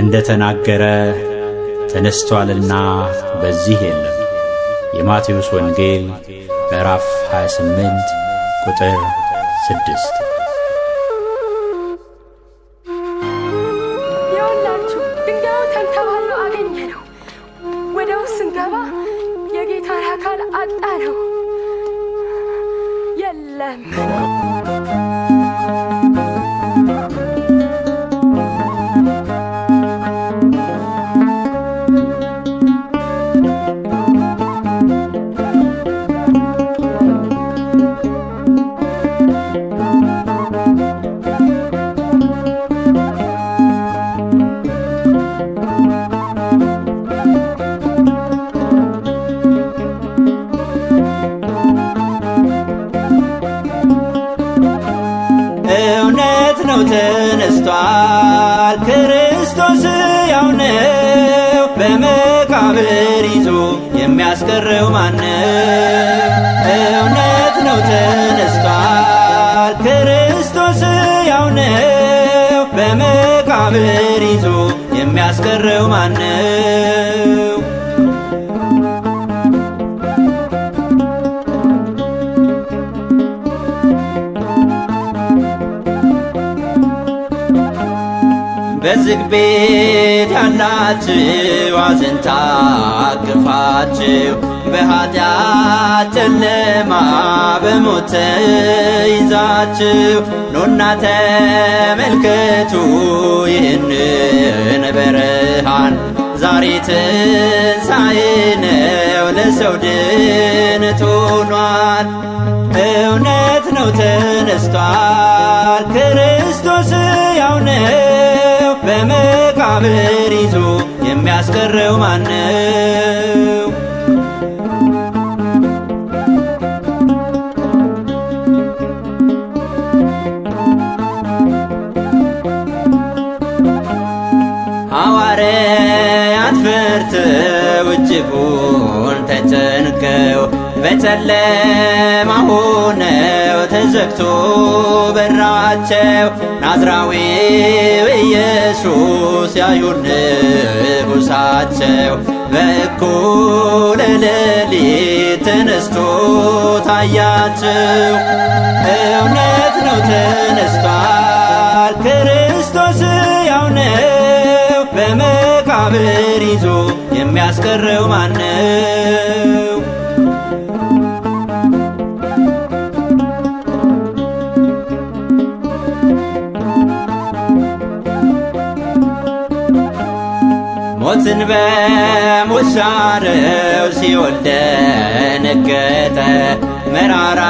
እንደ ተናገረ ተነስቷልና በዚህ የለም። የማቴዎስ ወንጌል ምዕራፍ 28 ቁጥር 6። ይኸውላችሁ ድንጋዩ ተንተባሎ አገኘ ነው። ወደ ውስጥ ስንገባ የጌታን አካል አጣ ነው የለም እውነት ነው ተነስቷል ክርስቶስ ያው ነው። በመቃብር ይዞ የሚያስቀረው ማነው? እውነት ነው ተነስቷል ክርስቶስ ያው ነው። በመቃብር ይዞ የሚያስቀረው ማነው? ትልቅ ቤት ያላችሁ አዘንታ አቅፋችሁ በኃጢአት ጨለማ በሞት ይዛችሁ ኑና ተመልከቱ ይህንን ብርሃን ዛሬ ትንሣኤ ነው ለሰው ድነት ሆኗል። እውነት ነው ተነስቷል ክርስቶስ ያው ነው። በመቃብር ይዞ የሚያስቀረው ማነው? ሐዋርያት ፈርተው እጅጉን ተጨንቀው በጨለማ ሆነው ተዘግቶ በራቸው ናዝራዊው ኢየሱስ ያዩን ንጉሳቸው በእኩለ ሌሊት ተነስቶ ታያቸው። እውነት ነው ተነስቷል ክርስቶስ ያው ነው በመቃብር ይዞ የሚያስቀረው ማነው? ነፍስን በሙሳረው ሲኦል ደነገጠ። መራራ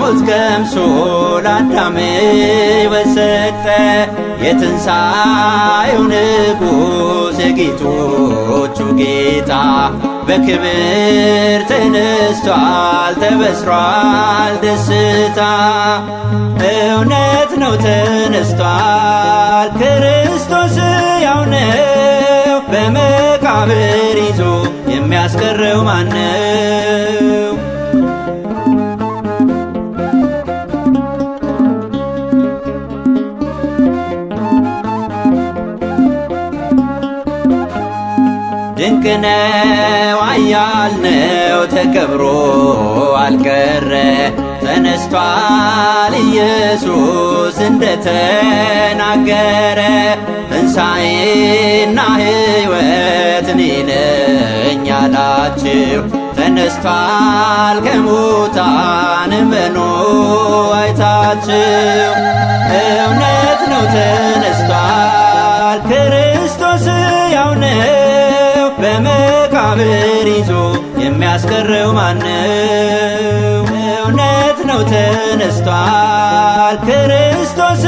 ሞት ቀምሶ ለአዳም ወሰጠ። የትንሣኤው ንጉሥ የጌቶቹ ጌታ በክብር ተነስቷል፣ ተበስሯል ደስታ። እውነት ነው ተነስቷል ክርስቶስ ያውነት በመቃብር ይዞ የሚያስቀረው ማነው? ድንቅነው አያልነው ተከብሮ አልቀረ ተነስቷል ኢየሱስ እንደተናገረ ትንሣኤና ሕይወት እኔ ነኝ አላችሁ። ተነስቷል ከሙታን እመኑ አይታችሁ። እውነት ነው ተነስቷል ክርስቶስ ሕያው ነው። በመቃብር ይዞ የሚያስቀረው ማነው? ነው ተነስቷል። ክርስቶስ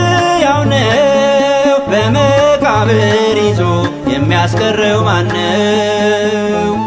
ያው ነው በመቃብር ይዞ የሚያስቀረው ማነው?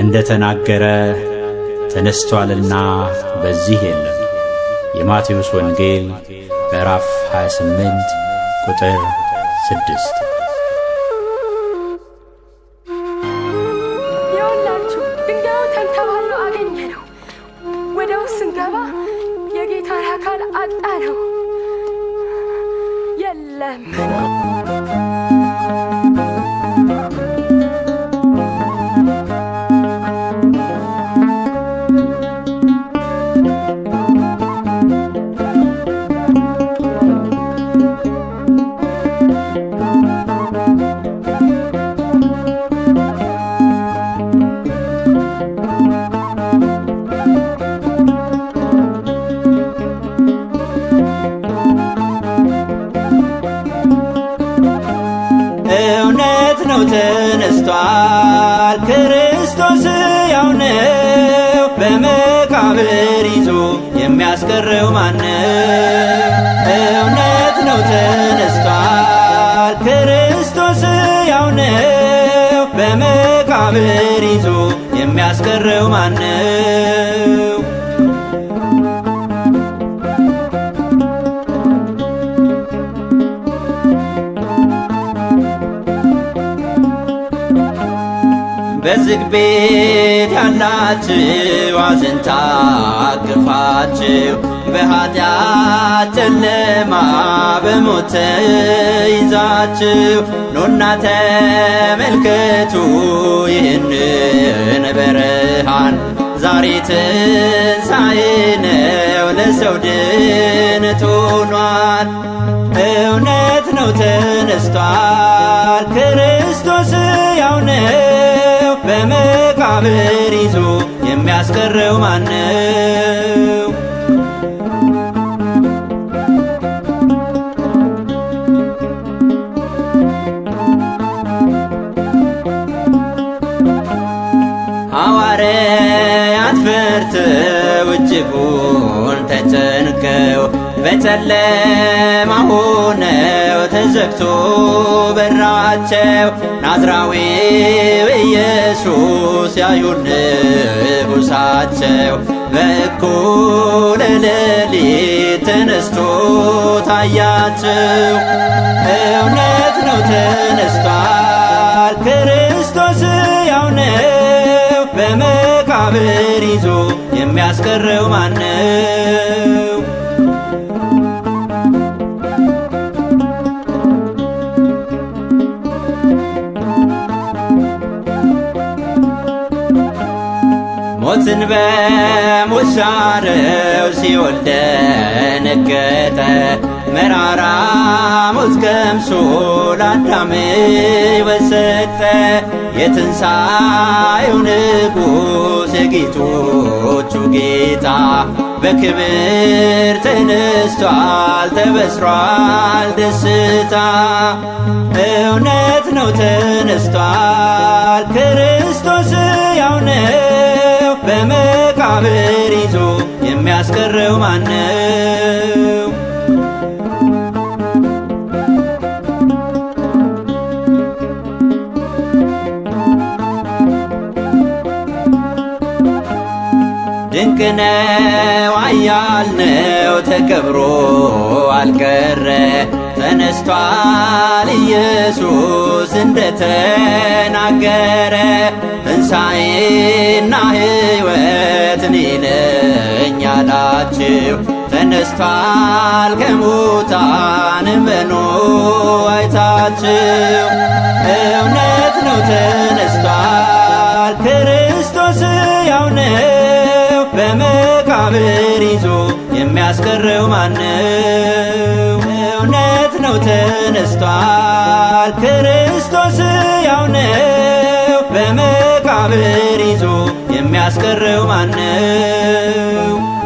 እንደ ተናገረ ተነስቷልና በዚህ የለም። የማቴዎስ ወንጌል ምዕራፍ 28 ቁጥር 6። የሁላችሁ ድንጋዩ ተንከባሎ አገኘ ነው። ወደ ውስጥ ስንገባ የጌታን አካል አጣ ነው የለም ነው ተነስቷል። ክርስቶስ ያው ነው በመቃብር ይዞ የሚያስቀረው ማነው? እውነት ነው ተነስቷል። ክርስቶስ ያው ነው በመቃብር ይዞ የሚያስቀረው ማነው? ዝግ ቤት ያላችሁ አዝንታ አቅፋችሁ በኃጢአት ጨለማ በሞት ይዛችሁ ኑና ተመልከቱ ይህንን በረሃን ዛሬ ትንሣኤ ነው ለሰው ድነት ሆኗል። እውነት ነው ተነስቷል ክርስቶስ ያው ነው መቃብር ይዞ የሚያስቀረው ማነው? ሐዋርያት ፈርተው እጅጉን ተጨነ ጨለማ ሆነው ተዘግቶ በራቸው ናዝራዊው ኢየሱስ ያዩን ንጉሳቸው በእኩለ ሌሊት ተነስቶ ታያቸው። እውነት ነው ተነስቷል ክርስቶስ ሕያው ነው። በመቃብር ይዞ የሚያስቀረው ማነው? ነፍስን በሙሻረው ሲኦል ደነገጠ። መራራ ሞት ቀምሶ ለአዳም ሕይወት ሰጠ። የትንሣኤው ንጉሥ የጌቶቹ ጌታ በክብር ተነስቷል፣ ተበስሯል ደስታ። እውነት ነው ተነስቷል ክርስቶስ መቃብር ይዞ የሚያስቀረው ማነው? ድንቅነው ነው ተከብሮ አልቀረ ተነስቷል ኢየሱስ እንደተናገረ ትንሣኤና ሕይወት እኔ ተነስቷል ከሙታን መኖ አይታችሁ። እውነት ነው ተነስቷል ክርስቶስ ሕያው ነው። በመቃብር ይዞ የሚያስቀረው ማነው? ነው ተነስቷል። ክርስቶስ ያው ነው። በመቃብር ይዞ የሚያስቀረው ማነው?